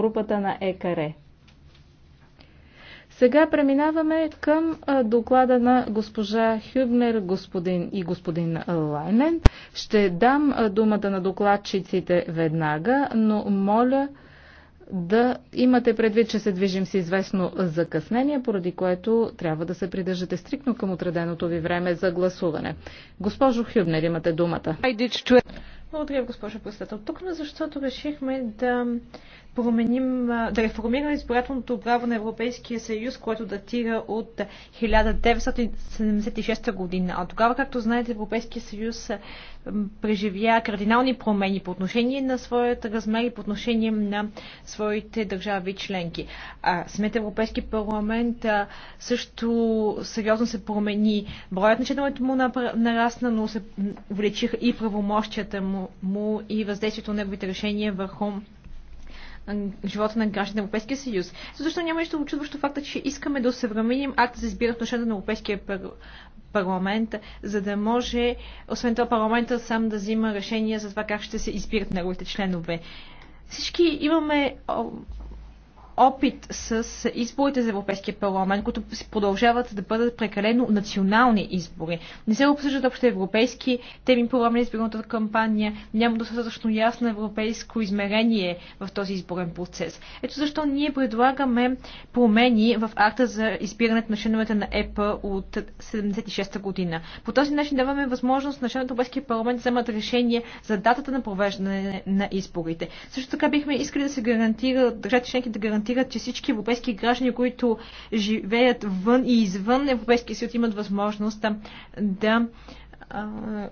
групата на ЕКАРЕ. Сега преминаваме към доклада на госпожа Хюбнер господин и господин Лайнен. Ще дам думата на докладчиците веднага, но моля да имате предвид, че се движим с известно закъснение, поради което трябва да се придържате стрикно към отреденото ви време за гласуване. Госпожо Хюбнер, имате думата. Благодаря, госпожо председател. Тук, защото решихме да променим, да реформираме избирателното право на Европейския съюз, което датира от 1976 година. А тогава, както знаете, Европейския съюз преживя кардинални промени по отношение на своята размер и по отношение на своите държави членки. А самият Европейски парламент също сериозно се промени. Броят на членовете му нарасна, но се увеличиха и правомощията му, му и въздействието на неговите решения върху живота на гражданите на Европейския съюз. Също няма нищо очудващо факта, че искаме да усъвременим акта за избира отношението на Европейския пар... парламент, за да може, освен това, парламента сам да взима решения за това как ще се избират неговите членове. Всички имаме опит с изборите за Европейския парламент, които продължават да бъдат прекалено национални избори. Не се обсъждат общо европейски теми по време на изборната кампания, няма достатъчно ясно европейско измерение в този изборен процес. Ето защо ние предлагаме промени в акта за избирането на членовете на ЕП от 76-та година. По този начин даваме възможност на членовете на Европейския парламент да вземат решение за датата на провеждане на изборите. Също така бихме искали да се гарантира, държавите членки да гарантират гарантират, че всички европейски граждани, които живеят вън и извън Европейския съюз, имат възможност да а,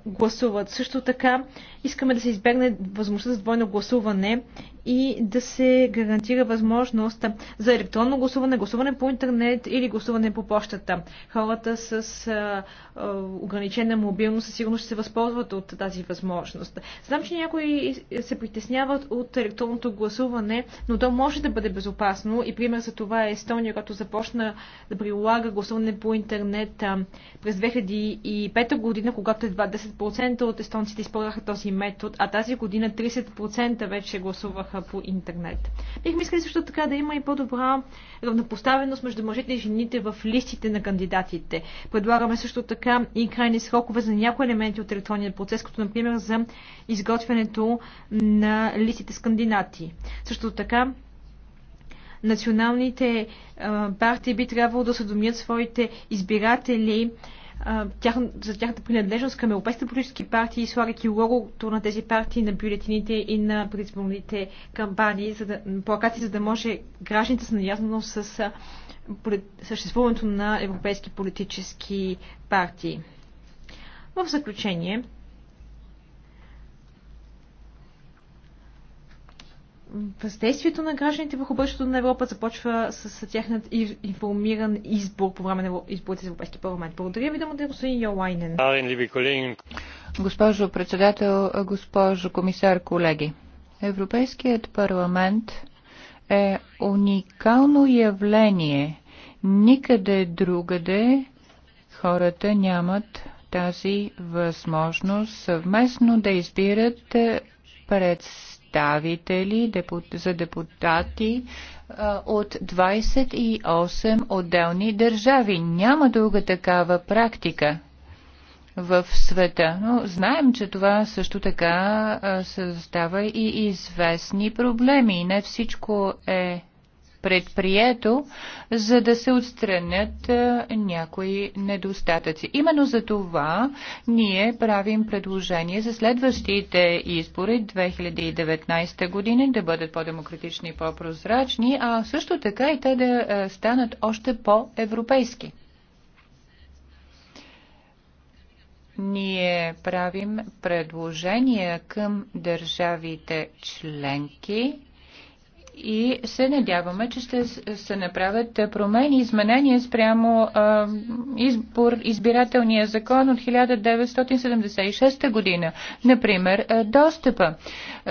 гласуват. Също така искаме да се избегне възможността за двойно гласуване и да се гарантира възможност за електронно гласуване, гласуване по интернет или гласуване по почтата. Хората с а, а, ограничена мобилност със сигурност ще се възползват от тази възможност. Знам, че някои се притесняват от електронното гласуване, но то може да бъде безопасно и пример за това е Естония, която започна да прилага гласуване по интернет а, през 2005 година, когато едва 10% от естонците използваха този метод, а тази година 30% вече гласуваха по интернет. Бихме искали също така да има и по-добра равнопоставеност между мъжете и жените в листите на кандидатите. Предлагаме също така и крайни срокове за някои елементи от електронния процес, като например за изготвянето на листите с кандидати. Също така националните партии би трябвало да съдомят своите избиратели тях, за тяхната принадлежност към европейските политически партии, слагайки логото на тези партии на бюлетините и на предизборните кампании, за да, плакати, за да може гражданите са наясно с съществуването на европейски политически партии. В заключение, въздействието на гражданите върху бъдещето на Европа започва с тяхният информиран избор по време на изборите за Европейски парламент. Благодаря ви, думата е господин Йолайнен. Госпожо председател, госпожо комисар, колеги. Европейският парламент е уникално явление. Никъде другаде хората нямат тази възможност съвместно да избират пред представители, за депутати от 28 отделни държави. Няма друга такава практика в света. Но знаем, че това също така създава и известни проблеми. Не всичко е предприето, за да се отстранят някои недостатъци. Именно за това ние правим предложение за следващите избори 2019 години да бъдат по-демократични и по-прозрачни, а също така и те да станат още по-европейски. Ние правим предложения към държавите членки и се надяваме, че ще се направят промени, изменения спрямо а, избор, избирателния закон от 1976 година. Например, достъпа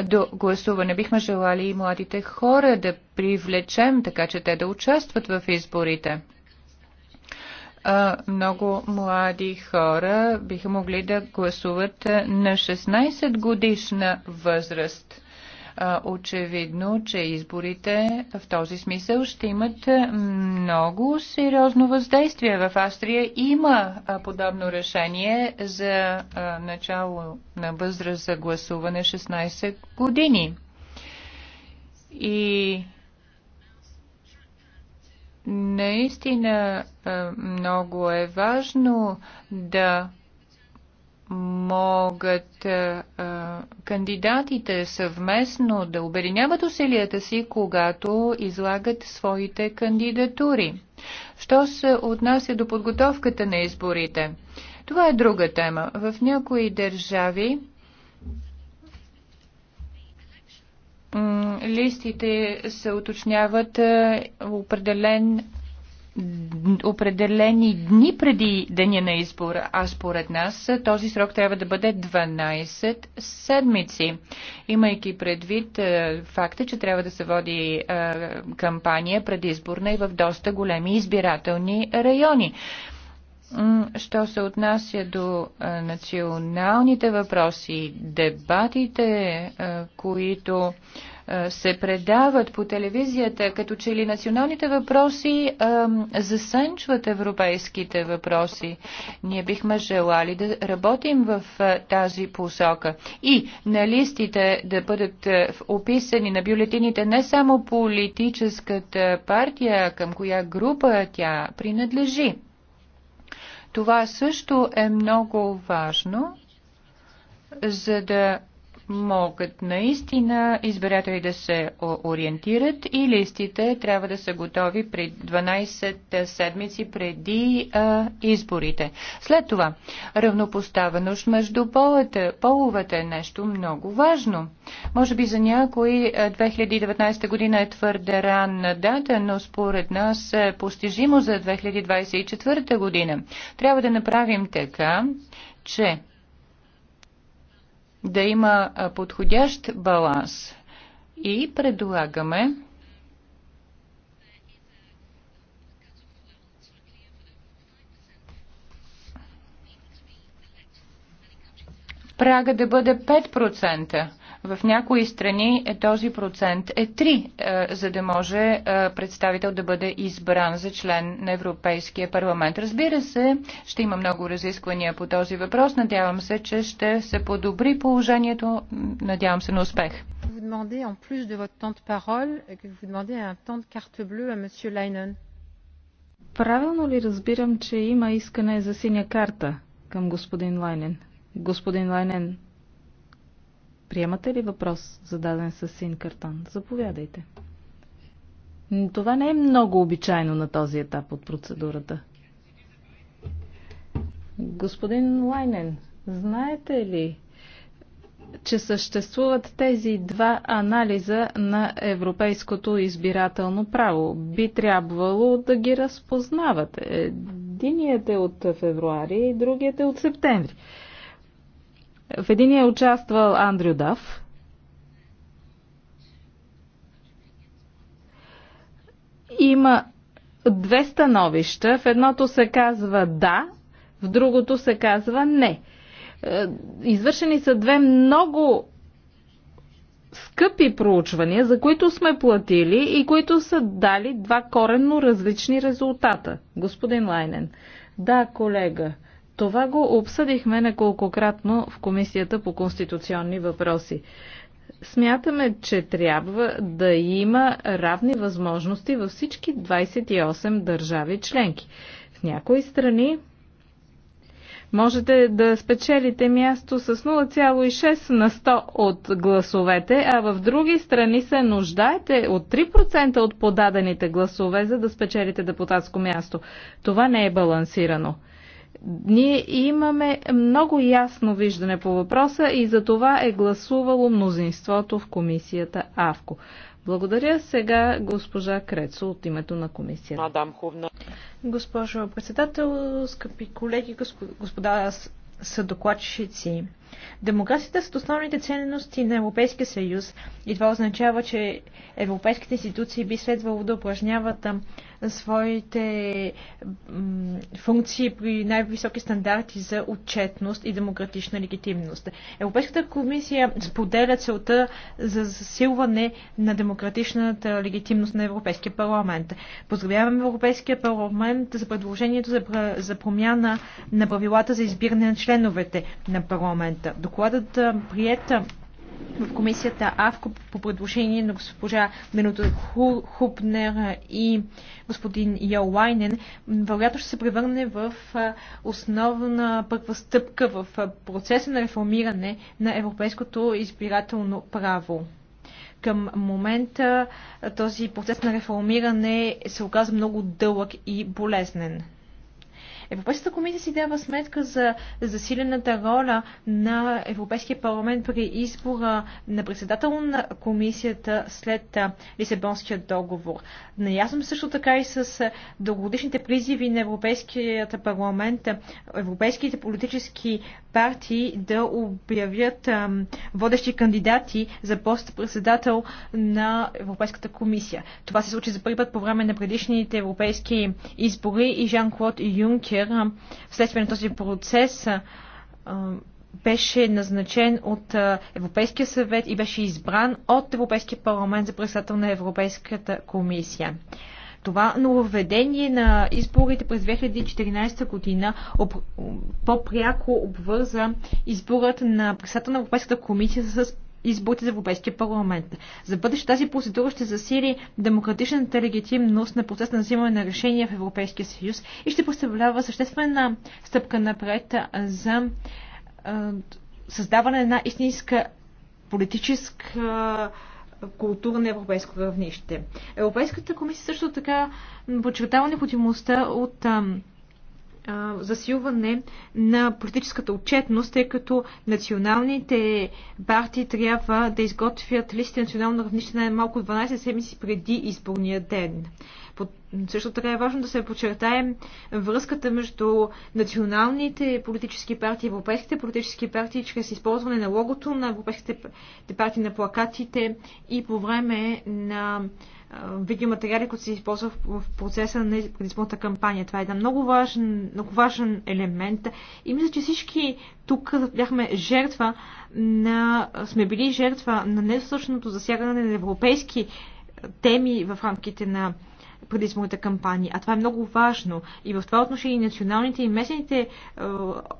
до гласуване. Бихме желали и младите хора да привлечем, така че те да участват в изборите много млади хора биха могли да гласуват на 16 годишна възраст очевидно, че изборите в този смисъл ще имат много сериозно въздействие. В Австрия има подобно решение за начало на възраст за гласуване 16 години. И наистина много е важно да могат а, кандидатите съвместно да обединяват усилията си, когато излагат своите кандидатури. Що се отнася до подготовката на изборите? Това е друга тема. В някои държави листите се уточняват определен определени дни преди деня на избора, а според нас този срок трябва да бъде 12 седмици. Имайки предвид е, факта, че трябва да се води е, кампания предизборна и в доста големи избирателни райони. Що се отнася до е, националните въпроси, дебатите, които е, се предават по телевизията, като че ли националните въпроси а, е, засънчват европейските въпроси. Ние бихме желали да работим в а, е, тази посока. И на листите да бъдат а, описани на бюлетините не само политическата партия, към коя група тя принадлежи. Това също е много важно, за да могат наистина избиратели да се ориентират и листите трябва да са готови при 12 седмици преди а, изборите. След това, равнопоставеност между полата, половата е нещо много важно. Може би за някои 2019 година е твърде ранна дата, но според нас е постижимо за 2024 година. Трябва да направим така, че да има подходящ баланс и предлагаме прага да бъде 5%. В някои страни е този процент е 3, е, за да може е, представител да бъде избран за член на Европейския парламент. Разбира се, ще има много разисквания по този въпрос. Надявам се, че ще се подобри положението. Надявам се на успех. Vous demandez, en plus de votre temps de parole, que vous demandez un temps de carte bleue à Leinen. Правилно ли разбирам, че има искане за синя карта към господин Лайнен? Господин Лайнен, Приемате ли въпрос, зададен с син картон? Заповядайте. Това не е много обичайно на този етап от процедурата. Господин Лайнен, знаете ли, че съществуват тези два анализа на европейското избирателно право. Би трябвало да ги разпознавате. Единият е от февруари и другият е от септември. В един е участвал Андрю Дав. Има две становища. В едното се казва да, в другото се казва не. Е, извършени са две много скъпи проучвания, за които сме платили и които са дали два коренно различни резултата. Господин Лайнен. Да, колега. Това го обсъдихме неколкократно в Комисията по конституционни въпроси. Смятаме, че трябва да има равни възможности във всички 28 държави членки. В някои страни можете да спечелите място с 0,6 на 100 от гласовете, а в други страни се нуждаете от 3% от подадените гласове, за да спечелите депутатско място. Това не е балансирано. Ние имаме много ясно виждане по въпроса и за това е гласувало мнозинството в комисията АВКО. Благодаря сега госпожа Крецо от името на комисията. Мадам Хубна. Госпожо председател, скъпи колеги, господа са докладчици. Демокрацията са основните ценности на Европейския съюз и това означава, че европейските институции би следвало да упражняват своите функции при най-високи стандарти за отчетност и демократична легитимност. Европейската комисия споделя целта за засилване на демократичната легитимност на Европейския парламент. Поздравяваме Европейския парламент за предложението за, за промяна на правилата за избиране на членовете на парламента. Докладът приета в комисията АВКО по предложение на госпожа Менута Хупнер и господин Йолайнен, вероятно ще се превърне в основна първа стъпка в процеса на реформиране на европейското избирателно право. Към момента този процес на реформиране се оказа много дълъг и болезнен. Европейската комисия си дава сметка за засилената роля на Европейския парламент при избора на председател на комисията след Лисабонския договор. Наясно също така и с дългогодишните призиви на Европейският парламент, европейските политически партии да обявят водещи кандидати за пост председател на Европейската комисия. Това се случи за първи път по време на предишните европейски избори и Жан-Клод Юнкер вечер, вследствие на този процес, беше назначен от Европейския съвет и беше избран от Европейския парламент за председател на Европейската комисия. Това нововведение на изборите през 2014 година об... по-пряко обвърза изборът на председател на Европейската комисия с изборите за Европейския парламент. За бъдеще тази процедура ще засили демократичната легитимност на процес на взимане на решения в Европейския съюз и ще представлява съществена стъпка напред за създаване на истинска политическа култура на европейско равнище. Европейската комисия също така подчертава необходимостта от засилване на политическата отчетност, тъй като националните партии трябва да изготвят листи национално равнище най-малко 12 седмици преди изборния ден. Също така е важно да се подчертаем връзката между националните политически партии и европейските политически партии чрез използване на логото на европейските партии на плакатите и по време на видеоматериали, които се използват в процеса на предизборната кампания. Това е един много важен, много важен елемент и мисля, че всички тук бяхме жертва на, сме били жертва на недостатъчното засягане на европейски теми в рамките на предизборната кампания. А това е много важно. И в това отношение националните и местните е,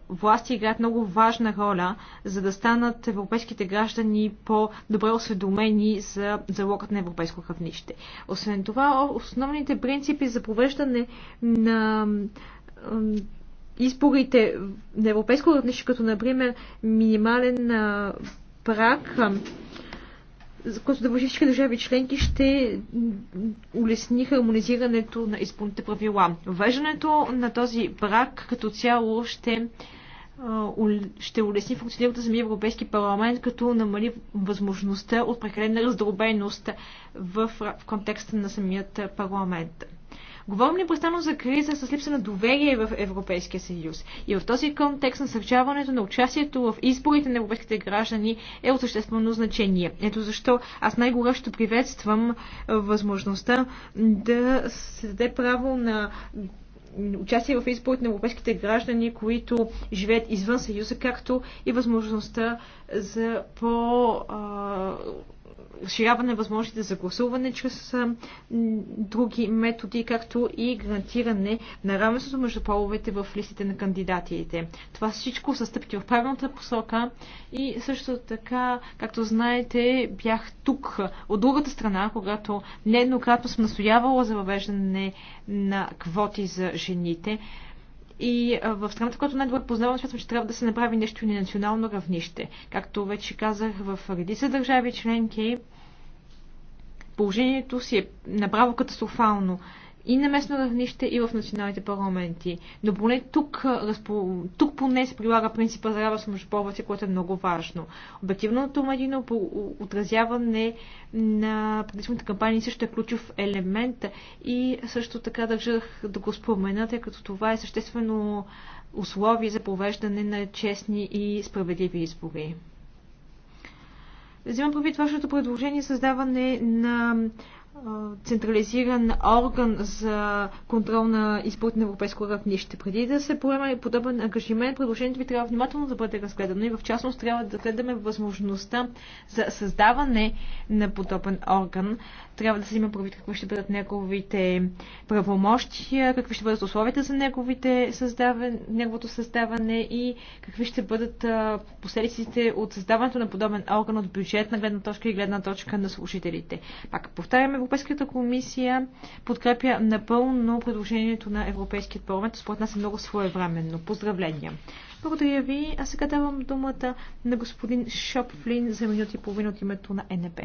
власти играят много важна роля, за да станат европейските граждани по-добре осведомени за залогът на европейско равнище. Освен това, основните принципи за провеждане на изборите на европейско равнище, като например минимален прак за който да въжи всички държави членки, ще улесни хармонизирането на изпълните правила. Въвеждането на този брак като цяло ще ще улесни функционирането за Европейски парламент, като намали възможността от прекалена раздробеност в, в контекста на самият парламент. Говорим непрестанно за криза с липса на доверие в Европейския съюз. И в този контекст насърчаването на участието в изборите на европейските граждани е от съществено значение. Ето защо аз най-горещо приветствам е, възможността да се даде право на участие в изборите на европейските граждани, които живеят извън Съюза, както и възможността за по разширяване възможностите за гласуване чрез други методи, както и гарантиране на равенството между половете в листите на кандидатите. Това всичко са стъпки в правилната посока и също така, както знаете, бях тук от другата страна, когато нееднократно съм настоявала за въвеждане на квоти за жените. И в страната, която най-добре познавам, смятам, че трябва да се направи нещо и на национално равнище. Както вече казах, в редица държави членки положението си е направо катастрофално и на местно равнище, и в националните парламенти. Но поне тук, разпо... тук поне се прилага принципа за равенство между половете, което е много важно. Обективното медийно отразяване на предишните кампании също е ключов елемент и също така държах да го спомена, тъй като това е съществено условие за провеждане на честни и справедливи избори. Взимам предвид вашето предложение създаване на централизиран орган за контрол на изборите на европейско равнище. Преди да се поеме подобен ангажимент, предложението ви трябва внимателно да бъде разгледано и в частност трябва да гледаме възможността за създаване на подобен орган. Трябва да се има правит какви ще бъдат неговите правомощия, какви ще бъдат условията за неговите създаване, неговото създаване и какви ще бъдат последиците от създаването на подобен орган от бюджетна гледна точка и гледна точка на служителите. Пак повтаряме, Европейската комисия подкрепя напълно предложението на Европейския парламент. Според нас е много своевременно. Поздравления! Благодаря ви. А сега давам думата на господин Шопфлин за минути и половина от името на НП.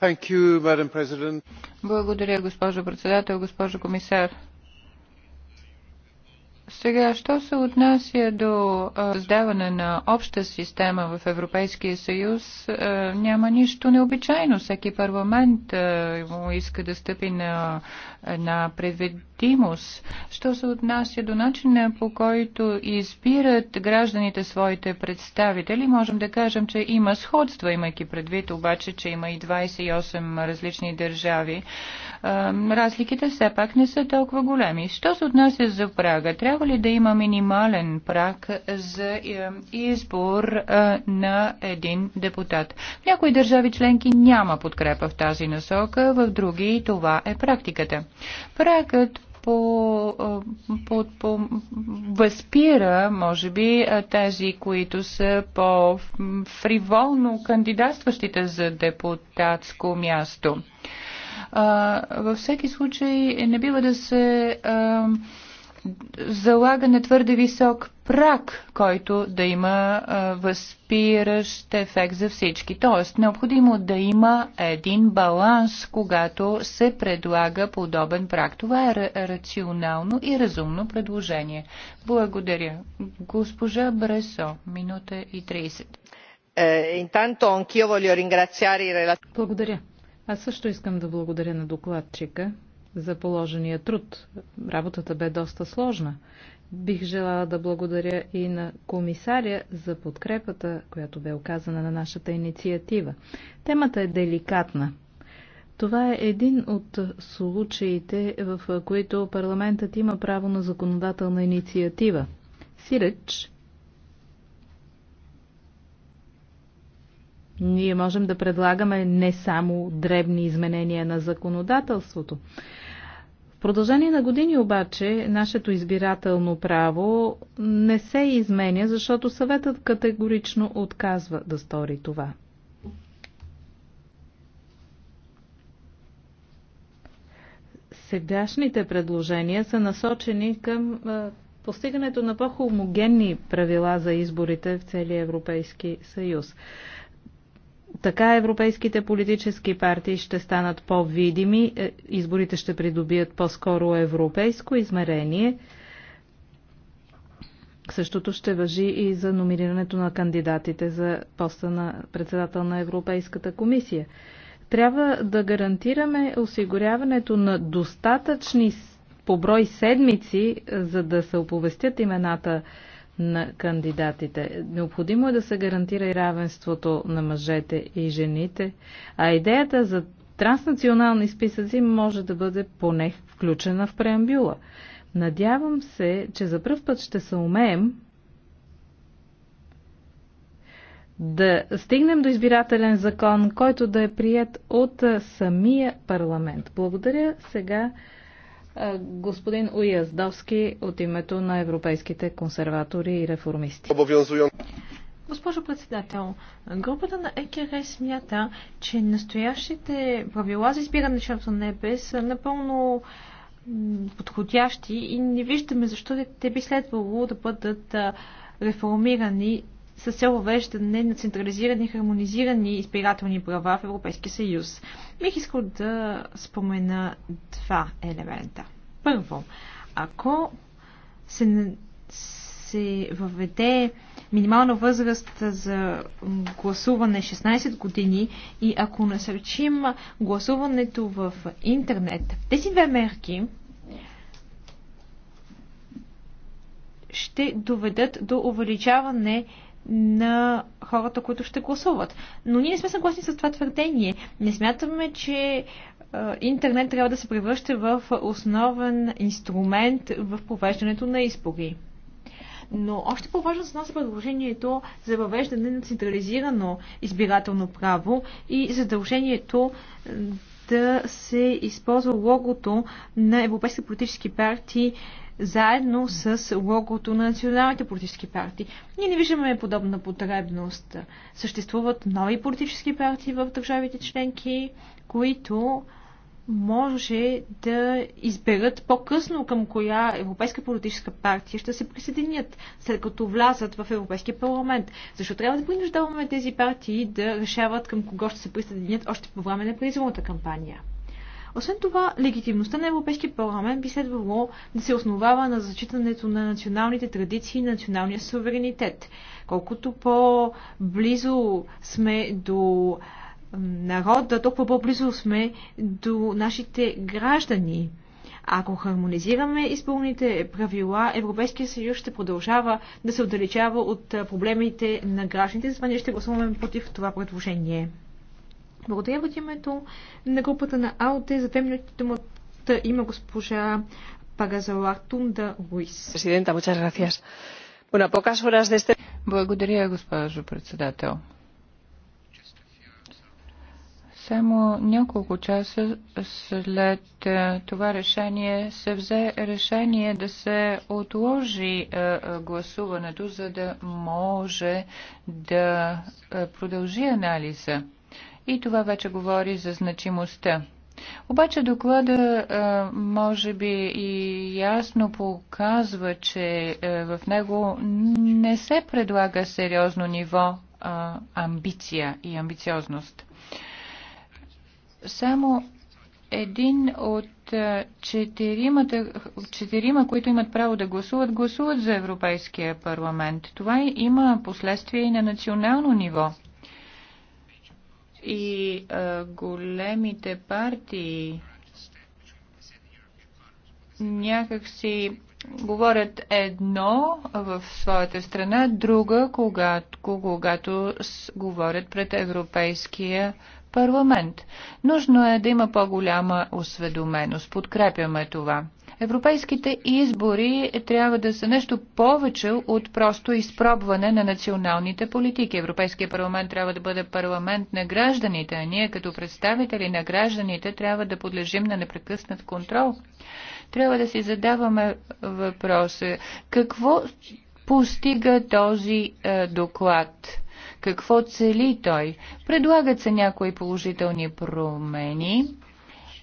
You, Благодаря, госпожо председател, госпожо комисар. Сега, що се отнася до създаване на обща система в Европейския съюз, няма нищо необичайно. Всеки парламент иска да стъпи на на предвидимост. Що се отнася до начина по който избират гражданите своите представители, можем да кажем, че има сходства, имайки предвид обаче, че има и 28 различни държави разликите все пак не са толкова големи. Що се отнася за прага? Трябва ли да има минимален праг за избор на един депутат? В някои държави членки няма подкрепа в тази насока, в други това е практиката. Прагът по, по, по, възпира, може би, тези, които са по-фриволно кандидатстващите за депутатско място. Във всеки случай не бива да се залага на твърде висок прак, който да има а, възпиращ ефект за всички. Тоест, необходимо да има един баланс, когато се предлага подобен прак. Това е рационално и разумно предложение. Благодаря. Госпожа Бресо, минута и 30. Е, Благодаря. Аз също искам да благодаря на докладчика за положения труд. Работата бе доста сложна. Бих желала да благодаря и на комисаря за подкрепата, която бе оказана на нашата инициатива. Темата е деликатна. Това е един от случаите, в които парламентът има право на законодателна инициатива. Сиреч Ние можем да предлагаме не само дребни изменения на законодателството. В продължение на години обаче нашето избирателно право не се изменя, защото съветът категорично отказва да стори това. Сегашните предложения са насочени към постигането на по-хомогенни правила за изборите в целия Европейски съюз. Така европейските политически партии ще станат по-видими, е, изборите ще придобият по-скоро европейско измерение. Същото ще въжи и за номинирането на кандидатите за поста на председател на Европейската комисия. Трябва да гарантираме осигуряването на достатъчни по брой седмици, за да се оповестят имената на кандидатите. Необходимо е да се гарантира и равенството на мъжете и жените, а идеята за транснационални списъци може да бъде поне включена в преамбюла. Надявам се, че за първ път ще се умеем да стигнем до избирателен закон, който да е прият от самия парламент. Благодаря сега Господин Уяздовски от името на европейските консерватори и реформисти. Госпожо председател, групата на ЕКР смята, че настоящите правила за избиране на членство на ЕБ са напълно подходящи и не виждаме защо те би следвало да бъдат реформирани с цел въвеждане на централизирани и хармонизирани избирателни права в Европейския съюз. Бих искал да спомена два елемента. Първо, ако се, се въведе минимална възраст за гласуване 16 години и ако насърчим гласуването в интернет, в тези две мерки ще доведат до увеличаване на хората, които ще гласуват. Но ние не сме съгласни с това твърдение. Не смятаме, че интернет трябва да се превръща в основен инструмент в провеждането на избори. Но още по-важно за нас е предложението за въвеждане на централизирано избирателно право и задължението да се използва логото на европейски политически партии заедно с логото на националните политически партии. Ние не виждаме подобна потребност. Съществуват нови политически партии в държавите членки, които може да изберат по-късно към коя европейска политическа партия ще се присъединят, след като влязат в Европейския парламент. Защо трябва да принуждаваме тези партии да решават към кого ще се присъединят още по време на предизборната кампания? Освен това, легитимността на Европейския парламент би следвало да се основава на зачитането на националните традиции и националния суверенитет. Колкото по-близо сме до народа, толкова по-близо сме до нашите граждани. Ако хармонизираме изпълните правила, Европейския съюз ще продължава да се отдалечава от проблемите на гражданите, затова ние ще гласуваме против това предложение. Благодаря от името на групата на АОТЕ. За две минути думата има госпожа Пагазалатунда Луис. Президента, muchas gracias. Bueno, pocas horas de este... Благодаря, госпожо председател. Само няколко часа след е, това решение се взе решение да се отложи е, е, гласуването, за да може да продължи анализа и това вече говори за значимостта. Обаче доклада може би и ясно показва, че в него не се предлага сериозно ниво амбиция и амбициозност. Само един от четиримата, четирима, които имат право да гласуват, гласуват за Европейския парламент. Това има последствия и на национално ниво и а, големите партии някакси говорят едно в своята страна, друга, когато, когато говорят пред Европейския парламент. Нужно е да има по-голяма осведоменост. Подкрепяме това. Европейските избори трябва да са нещо повече от просто изпробване на националните политики. Европейския парламент трябва да бъде парламент на гражданите, а ние като представители на гражданите трябва да подлежим на непрекъснат контрол. Трябва да си задаваме въпроса какво постига този е, доклад? Какво цели той? Предлагат се някои положителни промени,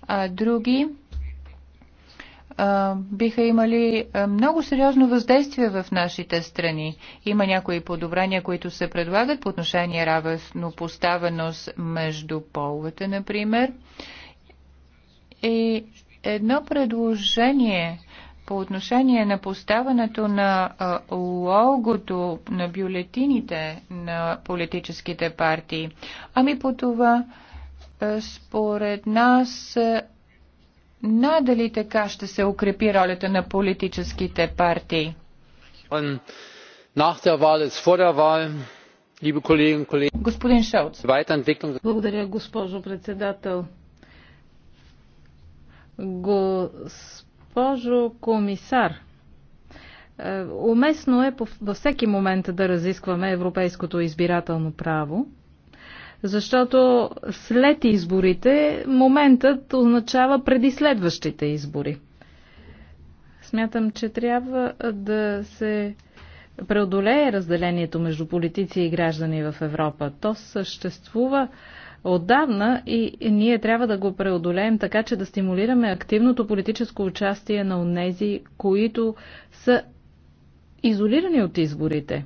а други биха имали много сериозно въздействие в нашите страни. Има някои подобрения, които се предлагат по отношение поставеност между половете, например. И едно предложение по отношение на поставането на логото на бюлетините на политическите партии. Ами по това, според нас Надали така ще се укрепи ролята на политическите партии? Господин Шелц. Благодаря, госпожо председател. Госпожо комисар, е, уместно е във всеки момент да разискваме европейското избирателно право. Защото след изборите моментът означава преди следващите избори. Смятам, че трябва да се преодолее разделението между политици и граждани в Европа. То съществува отдавна и ние трябва да го преодолеем така, че да стимулираме активното политическо участие на онези, които са изолирани от изборите.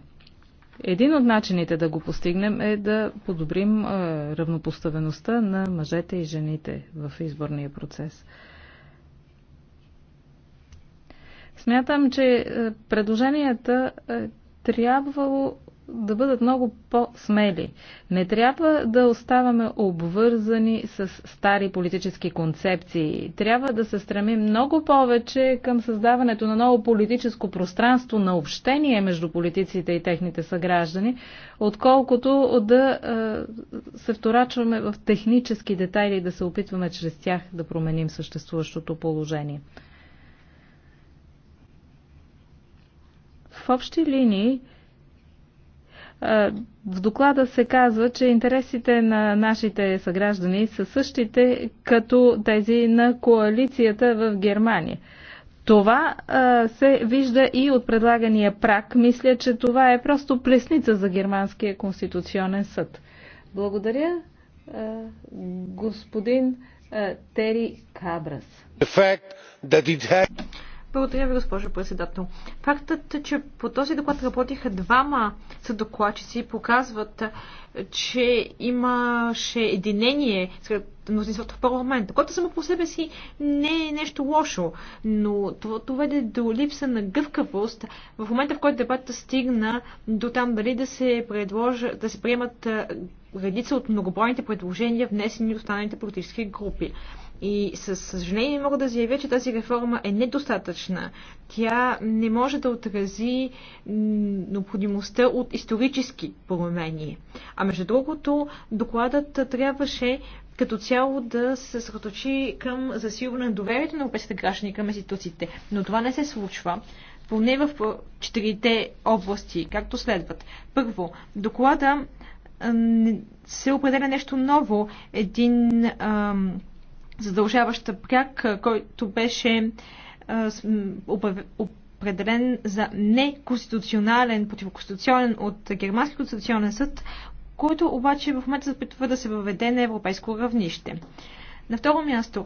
Един от начините да го постигнем е да подобрим равнопоставеността на мъжете и жените в изборния процес. Смятам, че предложенията трябвало да бъдат много по-смели. Не трябва да оставаме обвързани с стари политически концепции. Трябва да се стремим много повече към създаването на ново политическо пространство на общение между политиците и техните съграждани, отколкото да е, се вторачваме в технически детайли и да се опитваме чрез тях да променим съществуващото положение. В общи линии, е, в доклада се казва, че интересите на нашите съграждани са същите като тези на коалицията в Германия. Това а, е, се вижда и от предлагания прак. Мисля, че това е просто плесница за Германския конституционен съд. Благодаря, а, е, господин а, Тери Кабрас. Благодаря ви, госпожо председател. Фактът, че по този доклад работиха двама съдокладчици, показват, че имаше единение сред мнозинството в парламента, което само по себе си не е нещо лошо, но това доведе до липса на гъвкавост в момента, в който дебатът стигна до там дали да се, предложа, да се приемат редица от многобройните предложения, внесени от останалите политически групи. И със съжаление мога да заявя, че тази реформа е недостатъчна. Тя не може да отрази необходимостта от исторически промени. А между другото, докладът трябваше като цяло да се съсредоточи към засилване на доверието на европейските граждани към институциите. Но това не се случва поне в четирите области, както следват. Първо, доклада се определя нещо ново, един ам, задължаваща пряк, който беше определен за неконституционален, противоконституционен от Германски конституционен съд, който обаче в момента запитва да се въведе на европейско равнище. На второ място,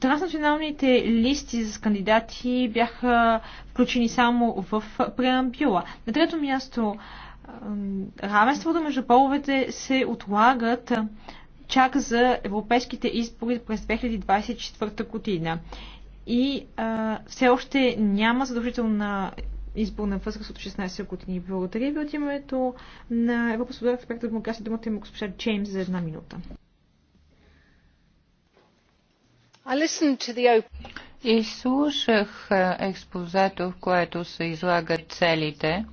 транснационалните листи с кандидати бяха включени само в преамбюла. На трето място, равенството между половете се отлагат чак за европейските избори през 2024 година. И а, все още няма задължителна изборна възраст от 16 години. Благодаря ви от името на експерт спектър демокрация. Думата има госпожа Джеймс за една минута. Изслушах експозето, в което се излагат целите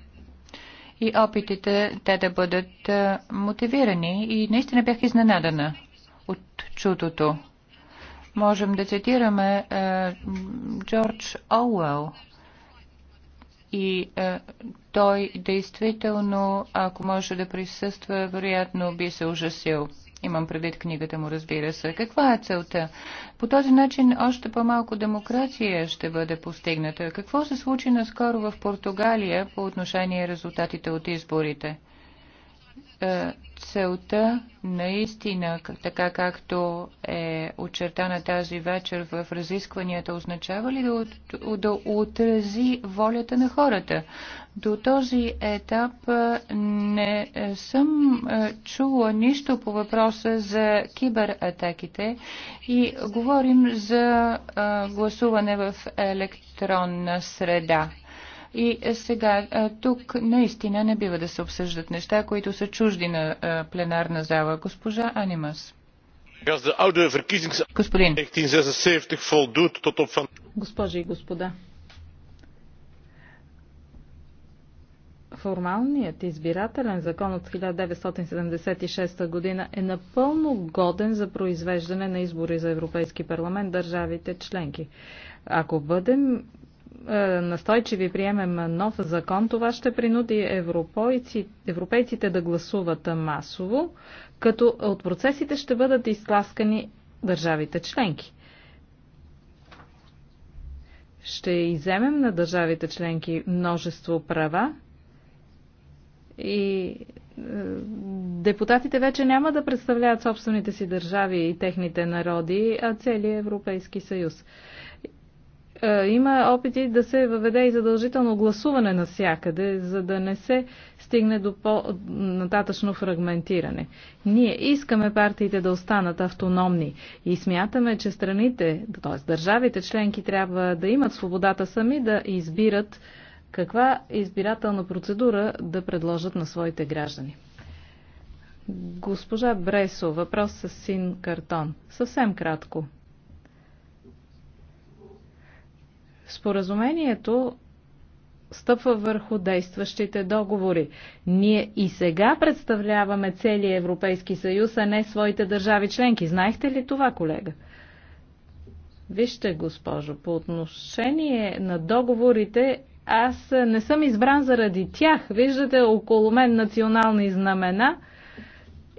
и опитите те да бъдат мотивирани. И наистина бях изненадана от чутото. Можем да цитираме е, Джордж Оуел. И е, той действително, ако може да присъства, вероятно би се ужасил. Имам предвид книгата му, разбира се. Каква е целта? По този начин още по-малко демокрация ще бъде постигната. Какво се случи наскоро в Португалия по отношение резултатите от изборите? Е, целта наистина, така както е очертана тази вечер в разискванията, означава ли да, да отрази волята на хората? До този етап е, не съм е, чула нищо по въпроса за кибератаките и говорим за гласуване в електронна среда. И е, сега е, тук наистина не бива да се обсъждат неща, които са чужди на е, пленарна зала. Госпожа Анимас. Господин. Госпожи и господа. формалният избирателен закон от 1976 година е напълно годен за произвеждане на избори за Европейски парламент държавите членки. Ако бъдем е, настойчиви приемем нов закон, това ще принуди европейци, европейците да гласуват масово, като от процесите ще бъдат изтласкани държавите членки. Ще иземем на държавите членки множество права и е, депутатите вече няма да представляват собствените си държави и техните народи, а целият Европейски съюз. Е, има опити да се въведе и задължително гласуване навсякъде, за да не се стигне до по-нататъчно фрагментиране. Ние искаме партиите да останат автономни и смятаме, че страните, т.е. държавите членки трябва да имат свободата сами да избират каква избирателна процедура да предложат на своите граждани. Госпожа Бресо, въпрос с син картон. Съвсем кратко. Споразумението стъпва върху действащите договори. Ние и сега представляваме целият Европейски съюз, а не своите държави членки. Знаехте ли това, колега? Вижте, госпожо, по отношение на договорите, аз не съм избран заради тях. Виждате около мен национални знамена –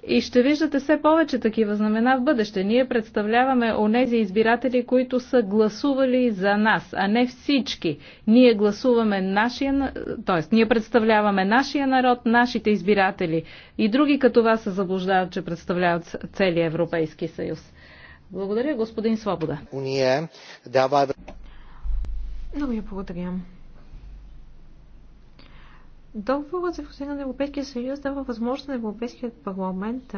и ще виждате все повече такива знамена в бъдеще. Ние представляваме онези избиратели, които са гласували за нас, а не всички. Ние гласуваме нашия, т.е. ние представляваме нашия народ, нашите избиратели. И други като вас се заблуждават, че представляват целият Европейски съюз. Благодаря, господин Свобода. Уния, давай... Много ви благодаря. Договорът за функциониране на Европейския съюз дава възможност на Европейският парламент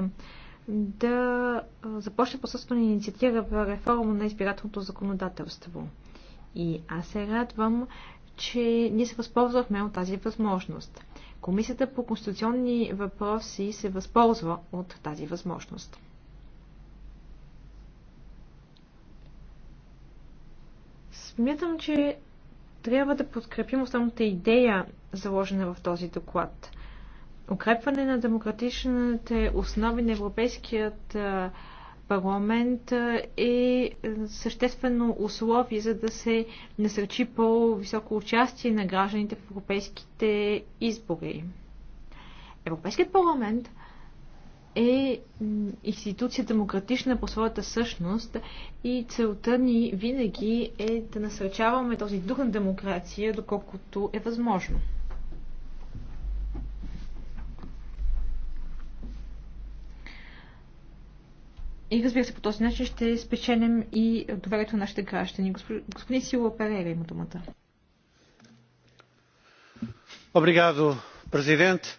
да започне посредствена инициатива в реформа на избирателното законодателство. И аз се радвам, че ние се възползвахме от тази възможност. Комисията по конституционни въпроси се възползва от тази възможност. Смятам, че трябва да подкрепим основната идея, заложена в този доклад. Укрепване на демократичните основи на Европейският парламент е съществено условие, за да се насърчи по-високо участие на гражданите в европейските избори. Европейският парламент е институция демократична по своята същност и целта ни винаги е да насърчаваме този дух на демокрация, доколкото е възможно. И разбира се, по този начин ще спеченем и доверието на нашите граждани. Господин Сило Перера има думата. Обригадо, президент.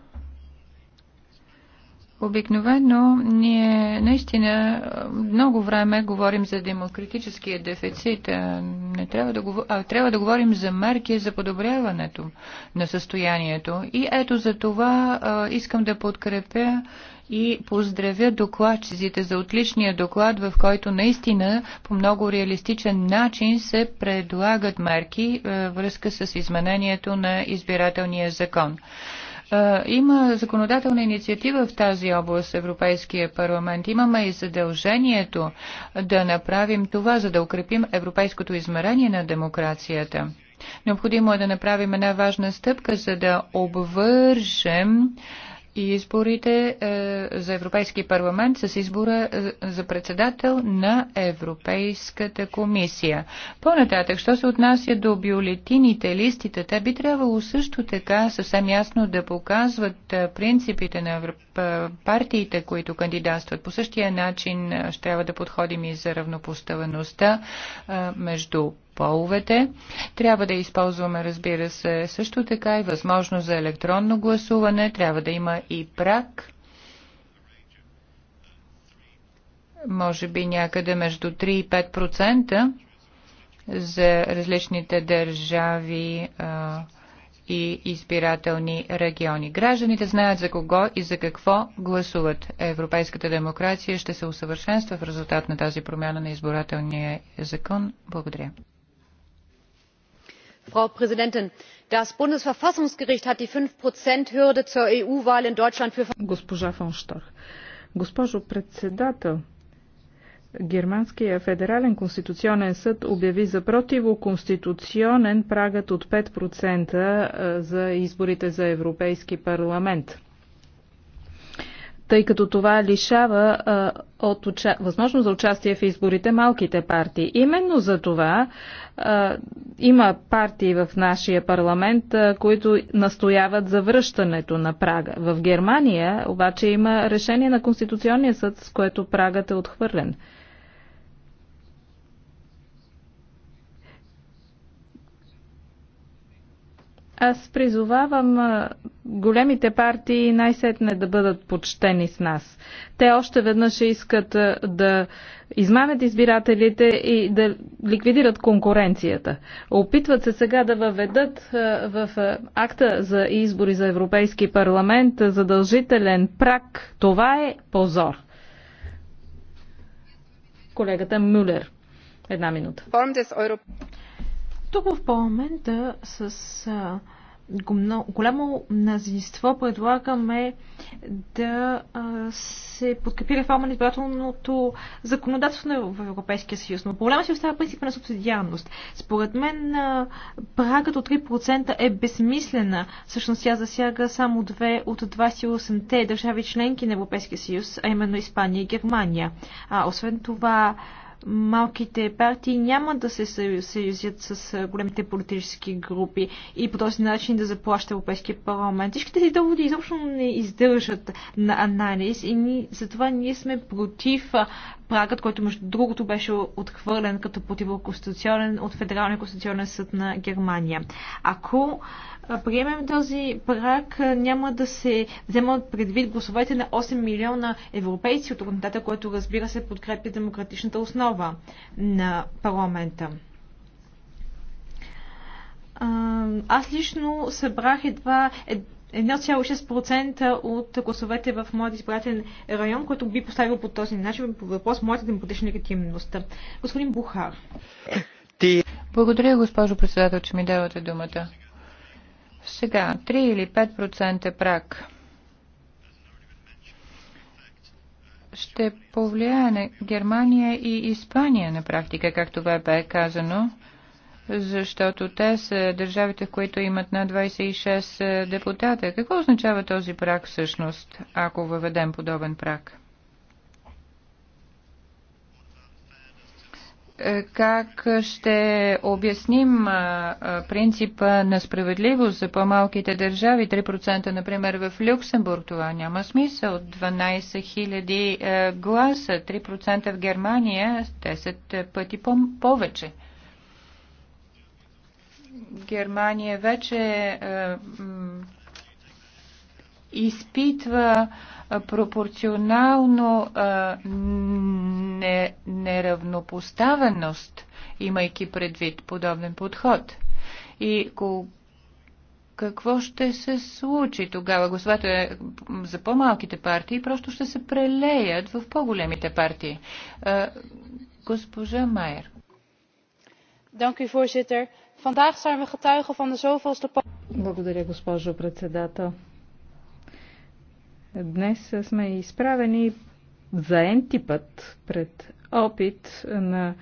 Обикновено ние наистина много време говорим за демократическия дефицит, не трябва да, говор... а трябва да говорим за мерки за подобряването на състоянието. И ето за това а, искам да подкрепя и поздравя докладчиците за отличния доклад, в който наистина по много реалистичен начин се предлагат мерки връзка с изменението на избирателния закон. Е, има законодателна инициатива в тази област, Европейския парламент. Имаме и задължението да направим това, за да укрепим европейското измерение на демокрацията. Необходимо е да направим една важна стъпка, за да обвържем и изборите е, за Европейски парламент с избора е, за председател на Европейската комисия. По-нататък, що се отнася до бюлетините, листите, те би трябвало също така съвсем ясно да показват е, принципите на партиите, които кандидатстват. По същия начин ще трябва да подходим и за равнопоставеността между половете. Трябва да използваме, разбира се, също така и възможност за електронно гласуване. Трябва да има и прак. Може би някъде между 3 и 5% за различните държави а, и избирателни региони. Гражданите знаят за кого и за какво гласуват. Европейската демокрация ще се усъвършенства в резултат на тази промяна на избирателния закон. Благодаря frau präsidentin! das bundesverfassungsgericht hat die fünf hürde zur eu wahl in deutschland für. госпожо председател германският федерален конституционен съд обяви за противоконституционен прагът от 5% за изборите за европейски парламент тъй като това лишава а, от уча... възможност за участие в изборите малките партии. Именно за това а, има партии в нашия парламент, а, които настояват за връщането на прага. В Германия обаче има решение на Конституционния съд, с което прагът е отхвърлен. Аз призовавам големите партии най-сетне да бъдат почтени с нас. Те още веднъж искат да измамят избирателите и да ликвидират конкуренцията. Опитват се сега да въведат в акта за избори за Европейски парламент задължителен прак. Това е позор. Колегата Мюлер. Една минута. Тук в парламента с а, голямо мнозинство предлагаме да се подкрепи реформа на избирателното законодателство в Европейския съюз. Но проблема си остава принципа на субсидиарност. Според мен прагът от 3% е безсмислена. Всъщност тя засяга само две от 28-те държави членки на Европейския съюз, а именно Испания и Германия. А освен това, малките партии няма да се съюзят с големите политически групи и по този начин да заплаща Европейския парламент. всичките тези доводи изобщо не издържат на анализ и ни, затова ние сме против прагът, който между другото беше отхвърлен като противоконституционен от Федералния конституционен съд на Германия. Ако приемем този прак, няма да се вземат предвид гласовете на 8 милиона европейци от организацията, което разбира се подкрепи демократичната основа на парламента. Аз лично събрах едва 1,6% е, от гласовете в моят избирателен район, който би поставил по този начин по въпрос моята демократична легитимност. Господин Бухар. Ти... Благодаря, госпожо председател, че ми давате думата. Сега 3 или 5% прак. Ще повлияе на Германия и Испания на практика, както бе, бе казано, защото те са държавите, в които имат над 26 депутата. Какво означава този прак всъщност, ако въведем подобен прак? как ще обясним принципа на справедливост за по-малките държави? 3% например в Люксембург това няма смисъл. 12 000 е, гласа, 3% в Германия, 10 е, пъти повече. Германия вече е, изпитва пропорционално неравнопоставеност, имайки предвид подобен подход. И какво ще се случи тогава? Гласовете за по-малките партии просто ще се прелеят в по-големите партии. Госпожа Майер. Благодаря, госпожо председател. Днес сме изправени за енти път пред опит на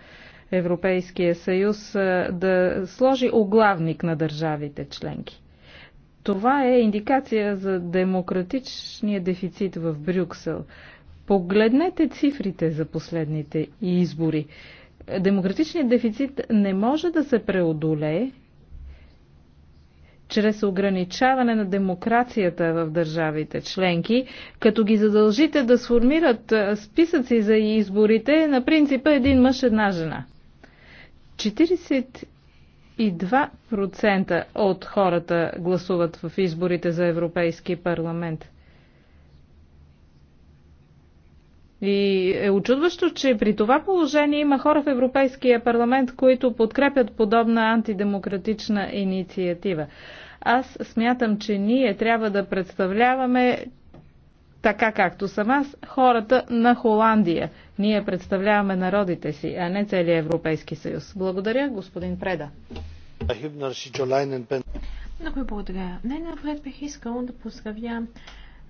Европейския съюз да сложи оглавник на държавите членки. Това е индикация за демократичния дефицит в Брюксел. Погледнете цифрите за последните избори. Демократичният дефицит не може да се преодолее чрез ограничаване на демокрацията в държавите членки, като ги задължите да сформират списъци за изборите на принципа един мъж, една жена. 42% от хората гласуват в изборите за Европейски парламент. И е очудващо, че при това положение има хора в Европейския парламент, които подкрепят подобна антидемократична инициатива. Аз смятам, че ние трябва да представляваме така както съм аз, хората на Холандия. Ние представляваме народите си, а не целия Европейски съюз. Благодаря, господин Преда. Много ви благодаря. Най-напред бих искал да поздравя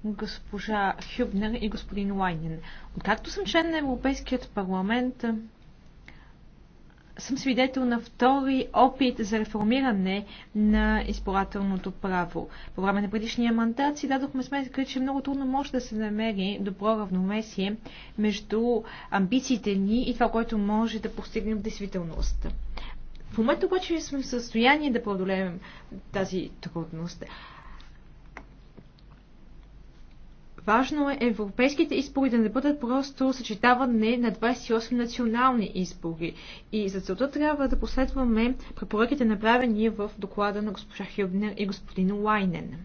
госпожа Хюбнер и господин Лайнен. Откакто съм член на Европейският парламент, съм свидетел на втори опит за реформиране на изпорателното право. По време на предишния мандат си дадохме сметка, че много трудно може да се намери добро равномесие между амбициите ни и това, което може да постигнем в действителност. В момента обаче сме в състояние да преодолеем тази трудност. Важно е европейските избори да не бъдат просто съчетаване на 28 национални избори. И за целта трябва да последваме препоръките направени в доклада на госпожа Хилбнер и господин Лайнен.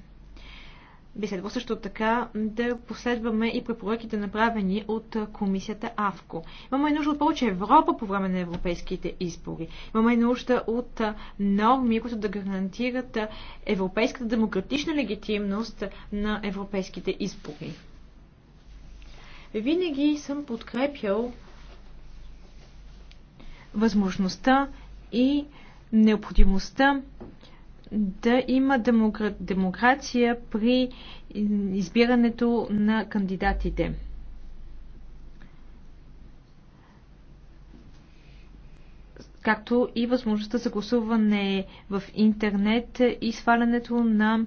Би следвало също така да последваме и препоръките направени от комисията АВКО. Имаме нужда от повече Европа по време на европейските избори. Имаме нужда от норми, които да гарантират европейската демократична легитимност на европейските избори. Винаги съм подкрепял възможността и необходимостта да има демокра... демокрация при избирането на кандидатите. както и възможността за гласуване в интернет и свалянето на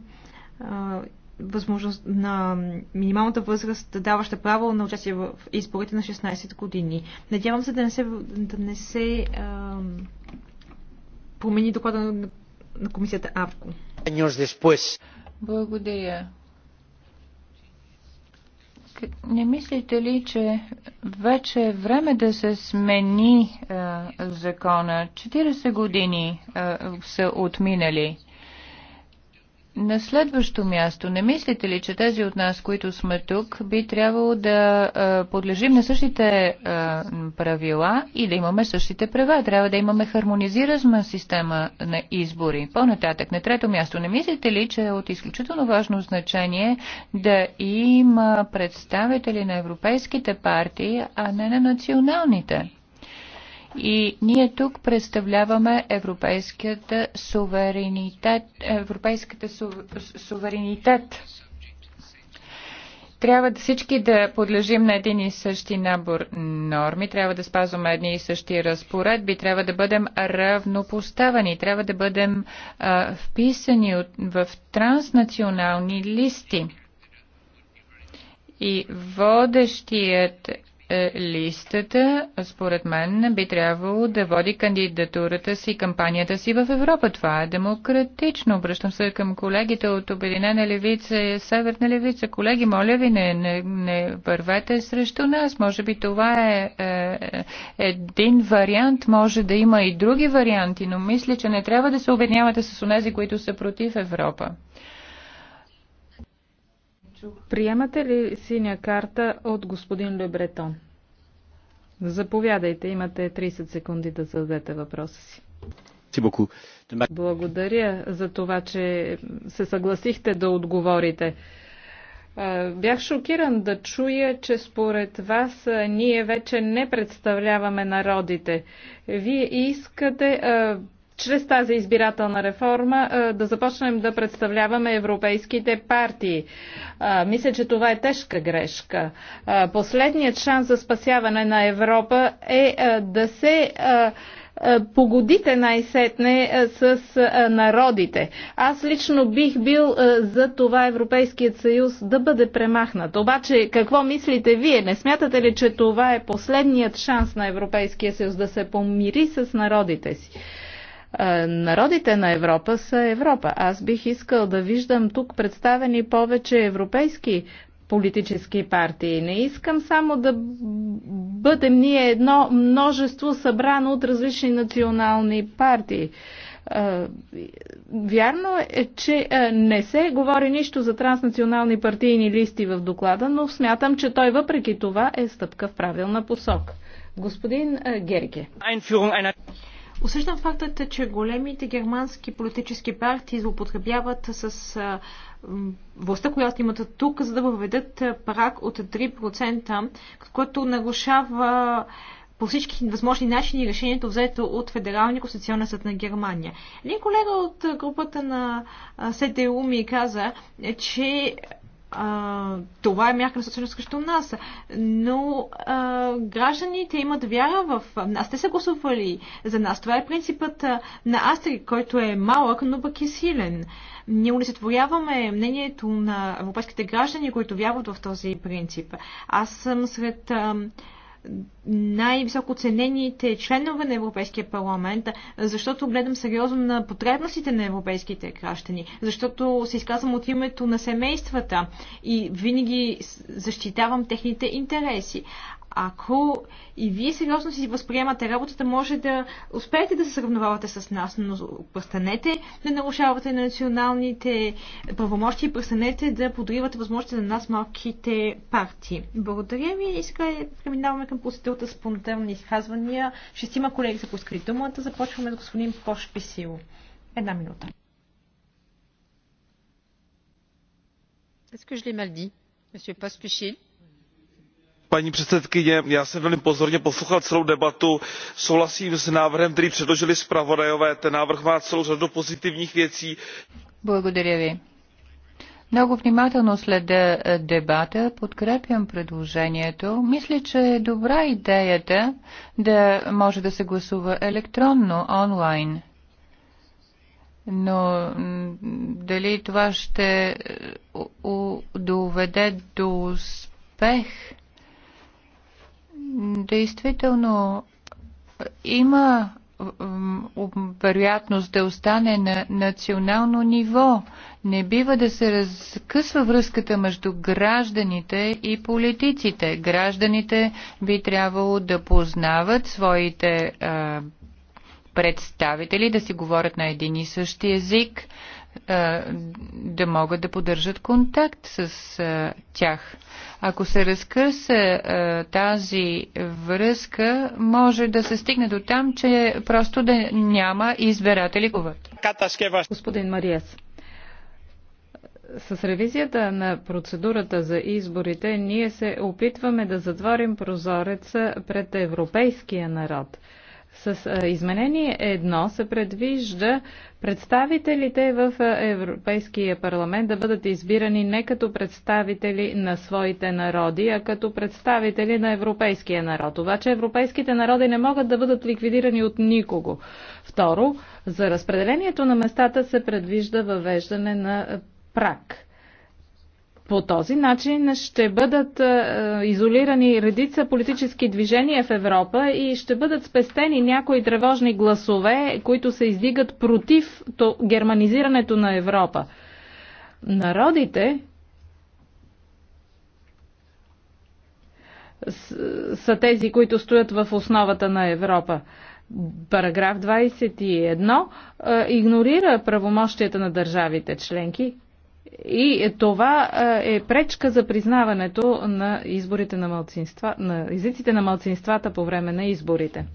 възможност на минималната възраст, даваща право на участие в изборите на 16 години. Надявам се да не се, да не се а, промени доклада на на комисията АВКО. Благодаря. Не мислите ли, че вече е време да се смени а, закона? 40 години а, са отминали. На следващо място, не мислите ли, че тези от нас, които сме тук, би трябвало да а, подлежим на същите а, правила и да имаме същите права? Трябва да имаме хармонизирана система на избори. По-нататък, на трето място, не мислите ли, че е от изключително важно значение да има представители на европейските партии, а не на националните? И ние тук представляваме европейската суверенитет, европейската суверенитет. Трябва да всички да подлежим на един и същи набор норми, трябва да спазваме едни и същи разпоредби, трябва да бъдем равнопоставени, трябва да бъдем а, вписани от, в транснационални листи. И водещият е, листата, според мен, би трябвало да води кандидатурата си, кампанията си в Европа. Това е демократично. Обръщам се към колегите от Обединена левица и Северна левица. Колеги, моля ви, не, не, не вървете срещу нас. Може би това е, е един вариант, може да има и други варианти, но мисля, че не трябва да се обединявате с онези, които са против Европа. Приемате ли синя карта от господин Лебретон? Заповядайте, имате 30 секунди да зададете въпроса си. Благодаря за това, че се съгласихте да отговорите. Бях шокиран да чуя, че според вас ние вече не представляваме народите. Вие искате чрез тази избирателна реформа е, да започнем да представляваме европейските партии. Мисля, че това е тежка грешка. Последният шанс за спасяване на Европа е, е да се е, погодите най-сетне с народите. Аз лично бих бил за това Европейският съюз да бъде премахнат. Обаче, какво мислите вие? Не смятате ли, че това е последният шанс на Европейския съюз да се помири с народите си? Е, народите на Европа са Европа. Аз бих искал да виждам тук представени повече европейски политически партии. Не искам само да бъдем ние едно множество събрано от различни национални партии. Е, вярно е, че е, не се говори нищо за транснационални партийни листи в доклада, но смятам, че той въпреки това е стъпка в правилна посока. Господин Герке. Осъждам фактът, че големите германски политически партии злоупотребяват с властта, която имат тук, за да въведат прак от 3%, което нарушава по всички възможни начини решението взето от Федералния конституционен съд на Германия. Един колега от групата на СДУ ми каза, е, че това е мярка насочена срещу нас. Но а, гражданите имат вяра в нас. Те са гласували за нас. Това е принципът на Астри, който е малък, но пък е силен. Ние унесетворяваме мнението на европейските граждани, които вярват в този принцип. Аз съм сред. А, най-високо ценените членове на Европейския парламент, защото гледам сериозно на потребностите на европейските граждани, защото се изказвам от името на семействата и винаги защитавам техните интереси. Ако и вие сериозно си възприемате работата, може да успеете да се сравновавате с нас, но престанете да нарушавате на националните правомощи и престанете да подривате възможности на нас малките партии. Благодаря ви и сега преминаваме към процедурата спонтанни изказвания. Шестима колеги са поискали думата. Започваме с господин Пош Писил. Една минута. Est-ce que je l'ai mal dit, Monsieur Pospichil paní předsedající já jsem velmi pozorně poslouchal celou debatu souhlasím s návrhem který předložili zpravodajové ten návrh má celou řadu pozitivních věcí. Много внимателно следя дебата, подкрепям предложението. Мисля, че е добра идеята да може да се гласува електронно, онлайн. Но дали това ще доведе до успех? действително е, има вероятност да остане на национално ниво. Не бива да се разкъсва връзката между гражданите и политиците. Гражданите би трябвало да познават своите а, представители, да си говорят на един и същи език да могат да поддържат контакт с тях. Ако се разкъса тази връзка, може да се стигне до там, че просто да няма избиратели. Господин Мариес, с ревизията на процедурата за изборите ние се опитваме да затворим прозореца пред европейския народ – с изменение едно се предвижда представителите в Европейския парламент да бъдат избирани не като представители на своите народи, а като представители на европейския народ. Обаче европейските народи не могат да бъдат ликвидирани от никого. Второ, за разпределението на местата се предвижда въвеждане на прак – по този начин ще бъдат е, изолирани редица политически движения в Европа и ще бъдат спестени някои тревожни гласове, които се издигат против германизирането на Европа. Народите, са тези, които стоят в основата на Европа. Параграф 21 е, игнорира правомощията на държавите членки, и това е пречка за признаването на изборите на малцинства, на езиците на малцинствата по време на изборите.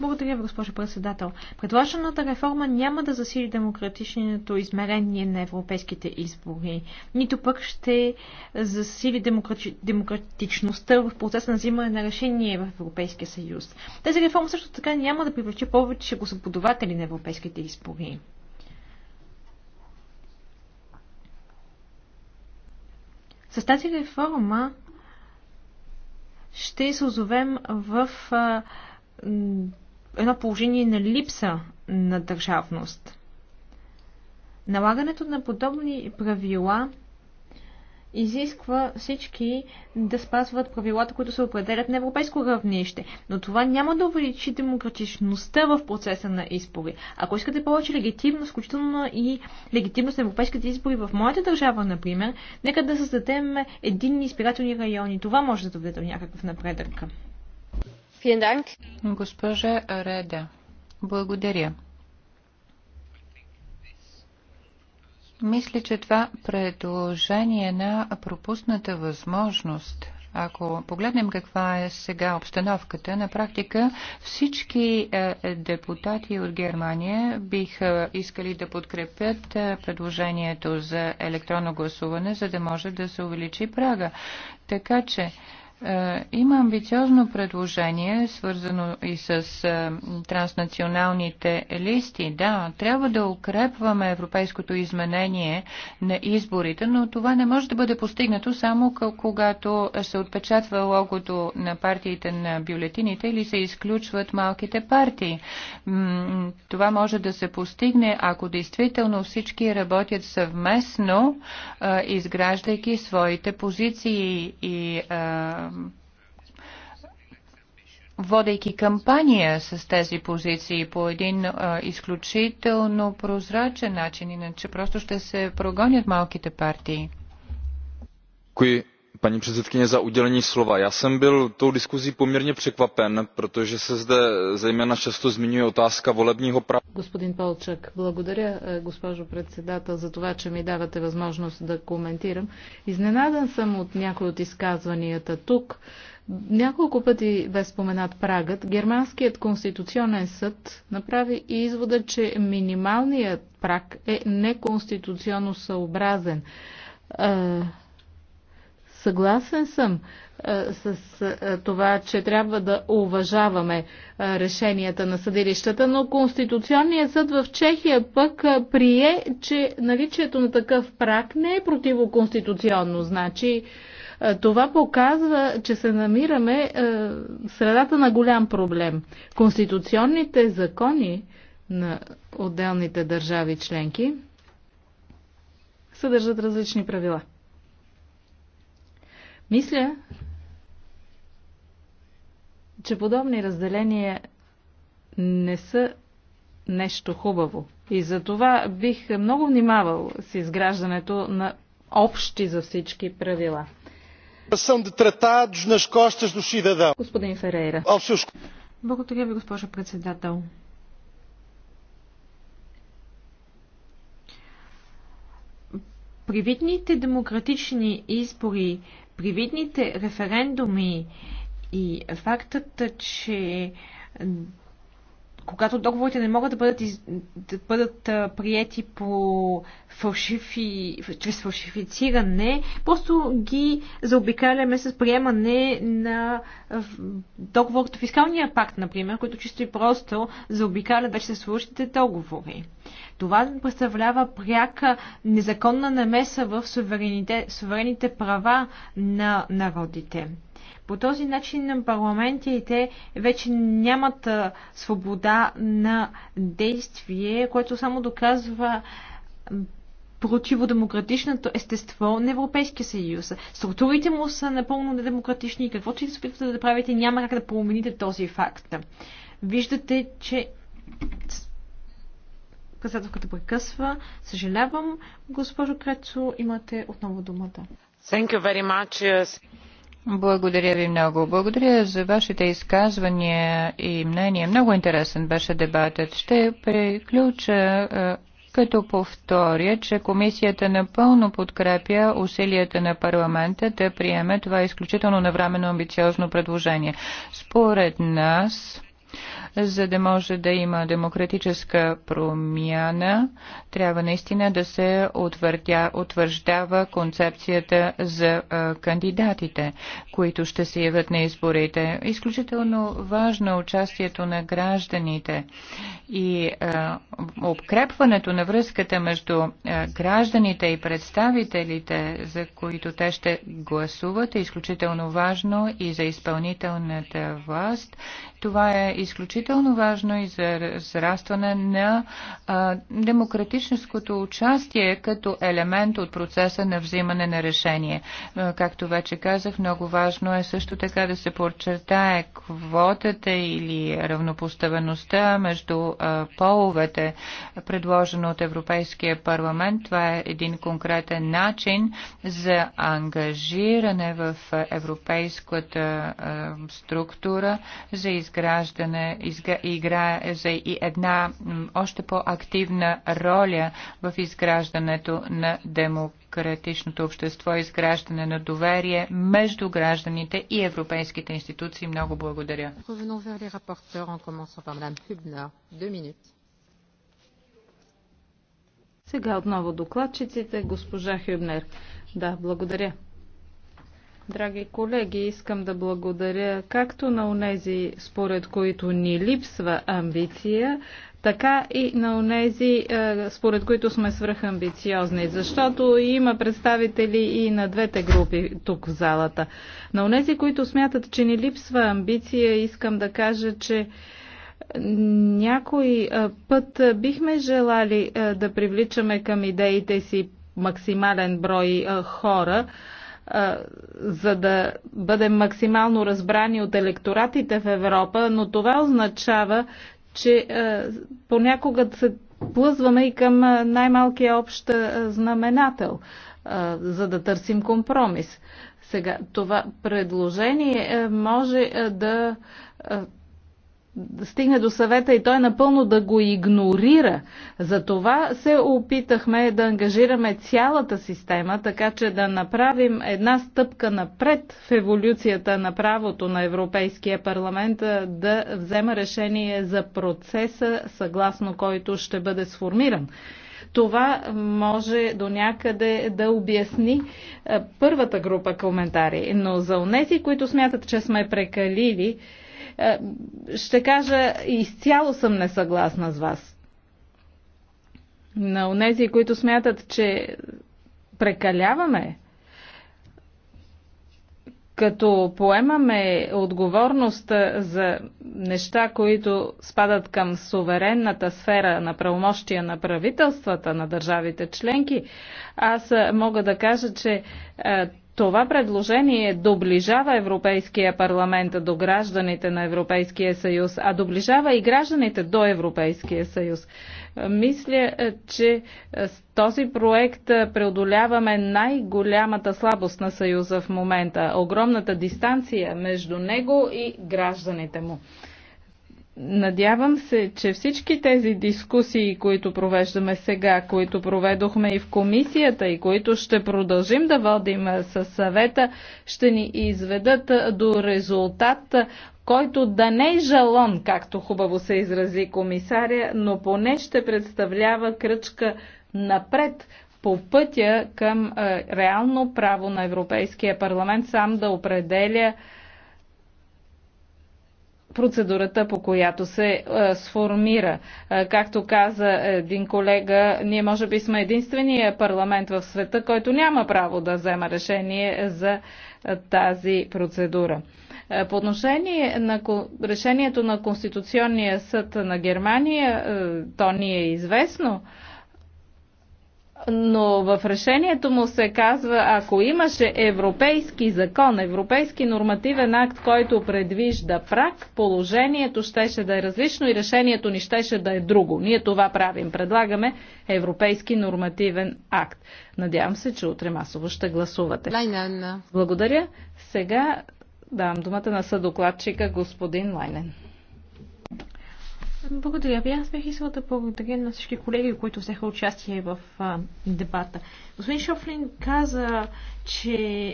Благодаря ви, госпожо председател. Предложената реформа няма да засили демократичното измерение на европейските избори, нито пък ще засили демократи... демократичността в процеса на взимане на решение в Европейския съюз. Тази реформа също така няма да привлече повече господователи на европейските избори. С тази реформа ще се озовем в а, едно положение на липса на държавност. Налагането на подобни правила изисква всички да спазват правилата, които се определят на европейско равнище. Но това няма да увеличи демократичността в процеса на избори. Ако искате повече легитимност, включително и легитимност на европейските избори в моята държава, например, нека да създадем единни избирателни райони. Това може да доведе до някакъв напредък. Госпожа Реда, благодаря. Мисля, че това предложение на пропусната възможност ако погледнем каква е сега обстановката, на практика всички е, депутати от Германия биха искали да подкрепят е, предложението за електронно гласуване, за да може да се увеличи прага. Така че е, има амбициозно предложение, свързано и с е, транснационалните листи. Да, трябва да укрепваме европейското изменение на изборите, но това не може да бъде постигнато само когато се отпечатва логото на партиите на бюлетините или се изключват малките партии. Това може да се постигне, ако действително всички работят съвместно, е, изграждайки своите позиции и водейки кампания с тези позиции по един а, изключително прозрачен начин, иначе просто ще се прогонят малките партии. Кои paní předsedající já jsem byl tou diskusí poměrně překvapen protože se zde zejména často zmiňuje otázka volebního práva. Е, Няколко пъти бе споменат прагът, Германският конституционен съд направи извода, че минималният праг е неконституционно съобразен е, Съгласен съм е, с е, това, че трябва да уважаваме е, решенията на съдилищата, но Конституционният съд в Чехия пък прие, че наличието на такъв прак не е противоконституционно. Значи това показва, че се намираме в средата на голям проблем. Конституционните закони на отделните държави членки съдържат различни правила. Мисля, че подобни разделения не са нещо хубаво. И за това бих много внимавал с изграждането на общи за всички правила. Господин Ферейра. Благодаря ви, госпожа председател. Привидните демократични избори привидните референдуми и фактът, че когато договорите не могат да бъдат, из... да бъдат приети по фалшифи, чрез фалшифициране, просто ги заобикаляме с приемане на договор от фискалния пакт, например, който чисто и просто заобикаля вече съществуващите договори. Това представлява пряка незаконна намеса в суверените, суверените права на народите. По този начин парламентите вече нямат свобода на действие, което само доказва противодемократичното естество на Европейския съюз. Структурите му са напълно недемократични и каквото и да се опитвате да правите, няма как да промените този факт. Виждате, че казателката прекъсва. Съжалявам, госпожо Крецо, имате отново думата. Thank you very much. Благодаря ви много. Благодаря за вашите изказвания и мнения. Много интересен беше дебатът. Ще приключа е, като повторя, че комисията напълно подкрепя усилията на парламента да приеме това изключително навременно амбициозно предложение. Според нас, за да може да има демократическа промяна, трябва наистина да се утвърдя, утвърждава концепцията за а, кандидатите, които ще се явят на изборите. Изключително важно е участието на гражданите и а, обкрепването на връзката между а, гражданите и представителите, за които те ще гласуват, е изключително важно и за изпълнителната власт. Това е изключително изключително важно и за разрастване на а, демократическото участие като елемент от процеса на взимане на решение. А, както вече казах, много важно е също така да се подчертае квотата или равнопоставеността между а, половете, предложено от Европейския парламент. Това е един конкретен начин за ангажиране в европейската структура за изграждане и играе и една още по-активна роля в изграждането на демократичното общество, изграждане на доверие между гражданите и европейските институции. Много благодаря. Сега отново докладчиците, госпожа Хюбнер. Да, благодаря. Драги колеги, искам да благодаря както на онези, според които ни липсва амбиция, така и на онези, е, според които сме свръхамбициозни, защото има представители и на двете групи тук в залата. На онези, които смятат, че ни липсва амбиция, искам да кажа, че някой е, път е, бихме желали да привличаме към идеите си максимален брой хора, за да бъдем максимално разбрани от електоратите в Европа, но това означава, че понякога се плъзваме и към най-малкия общ знаменател, за да търсим компромис. Сега, това предложение е, може да стигне до съвета и той е напълно да го игнорира. Затова се опитахме да ангажираме цялата система, така че да направим една стъпка напред в еволюцията на правото на Европейския парламент да взема решение за процеса, съгласно който ще бъде сформиран. Това може до някъде да обясни първата група коментари, но за онези, които смятат, че сме прекалили, е, ще кажа, изцяло съм несъгласна с вас. На онези, които смятат, че прекаляваме, като поемаме отговорност е, за неща, които спадат към суверенната сфера на правомощия на правителствата на държавите членки, аз е, мога да кажа, че това предложение доближава Европейския парламент до гражданите на Европейския съюз, а доближава и гражданите до Европейския съюз. Мисля, че с този проект преодоляваме най-голямата слабост на Съюза в момента огромната дистанция между него и гражданите му. Надявам се, че всички тези дискусии, които провеждаме сега, които проведохме и в комисията и които ще продължим да водим с съвета, ще ни изведат до резултат, който да не е жалон, както хубаво се изрази комисаря, но поне ще представлява кръчка напред по пътя към е, реално право на Европейския парламент сам да определя процедурата, по която се а, е, сформира. А, е, както каза един колега, ние може би сме единствения парламент в света, който няма право да взема решение за а, е, тази процедура. А, по отношение на решението на Конституционния съд на Германия, а, то ни е известно. А, но в решението му се казва, ако имаше европейски закон, европейски нормативен акт, който предвижда прак, положението щеше да е различно и решението ни щеше да е друго. Ние това правим. Предлагаме европейски нормативен акт. Надявам се, че утре масово ще гласувате. Благодаря. Сега давам думата на съдокладчика господин Лайнен. Благодаря ви. Аз бих искала да благодаря на всички колеги, които взеха участие в а, дебата. Господин Шофлин каза, че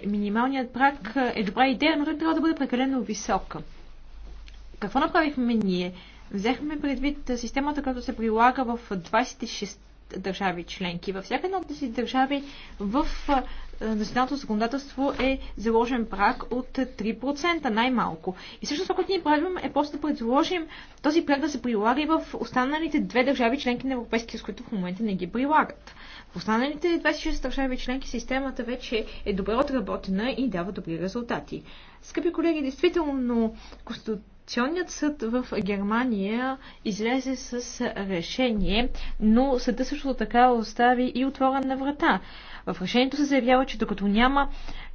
минималният прак е добра идея, но той трябва да бъде прекалено висока. Какво направихме ние? Взехме предвид системата, която се прилага в 26 държави членки. Във всяка една от тези държави в националното законодателство е заложен прак от 3% най-малко. И всъщност това, което ние правим е просто да предложим този прак да се прилага и в останалите две държави членки на Европейския съюз, които в момента не ги прилагат. В останалите 26 държави членки системата вече е добре отработена и дава добри резултати. Скъпи колеги, действително конститу... Конституционният съд в Германия излезе с решение, но съда също така остави и отворена врата. В решението се заявява, че докато няма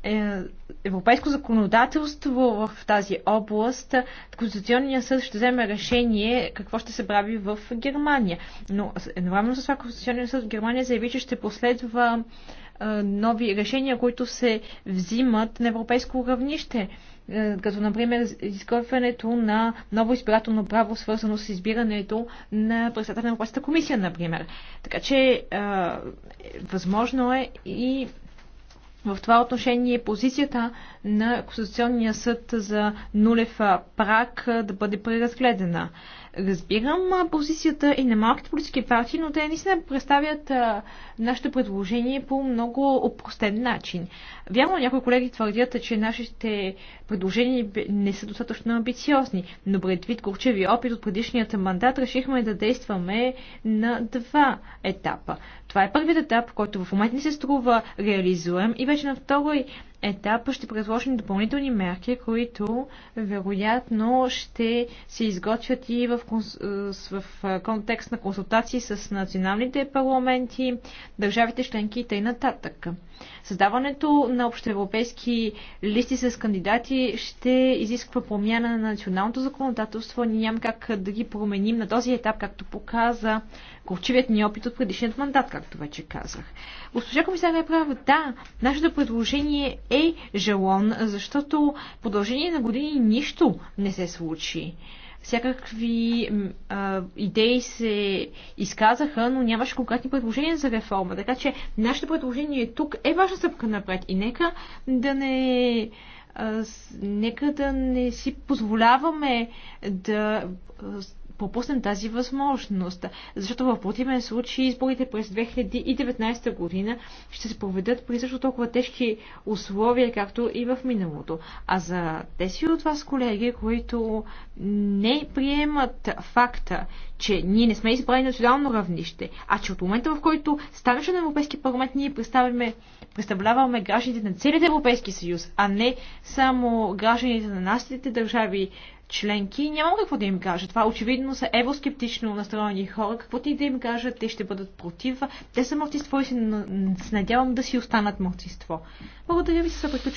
е, европейско законодателство в тази област, Конституционният съд ще вземе решение какво ще се прави в Германия. Но едновременно с това Конституционният съд в Германия заяви, че ще последва е, нови решения, които се взимат на европейско равнище. Е, като например изготвянето на ново избирателно право, свързано с избирането на председател на Европейската комисия, например. Така че а, е, възможно е и в това отношение позицията на Конституционния съд за нулев прак е, да бъде преразгледана. Разбирам позицията и на малките политически партии, но те наистина представят нашето предложение по много опростен начин. Вярно, някои колеги твърдят, че нашите предложения не са достатъчно амбициозни, но предвид горчеви опит от предишният мандат решихме да действаме на два етапа. Това е първият етап, който в момента ни се струва реализуем и вече на втори етап ще предложим допълнителни мерки, които вероятно ще се изготвят и в, е, в е, контекст на консултации с националните парламенти, държавите членки и т.н. Създаването на общоевропейски листи с кандидати ще изисква промяна на националното законодателство. Ние няма как да ги променим на този етап, както показа Колчивият ни опит от предишният мандат, както вече казах. Госпожа комисаря е права, да, нашето предложение е жалон, защото продължение на години нищо не се случи всякакви а, идеи се изказаха, но нямаше конкретни предложения за реформа. Така че нашето предложение тук е важна стъпка напред и нека да не. А, нека да не си позволяваме да пропуснем тази възможност, защото в противен случай изборите през 2019 година ще се проведат при също толкова тежки условия, както и в миналото. А за тези от вас, колеги, които не приемат факта, че ние не сме избрани национално равнище, а че от момента, в който станеше на Европейски парламент, ние представляваме гражданите на целият Европейски съюз, а не само гражданите на нашите държави членки, нямам какво да им кажа. Това очевидно са евроскептично настроени хора. какво ти да им кажат, те ще бъдат против. Те са мълчество и се, надявам да си останат мълчество. Благодаря ви, се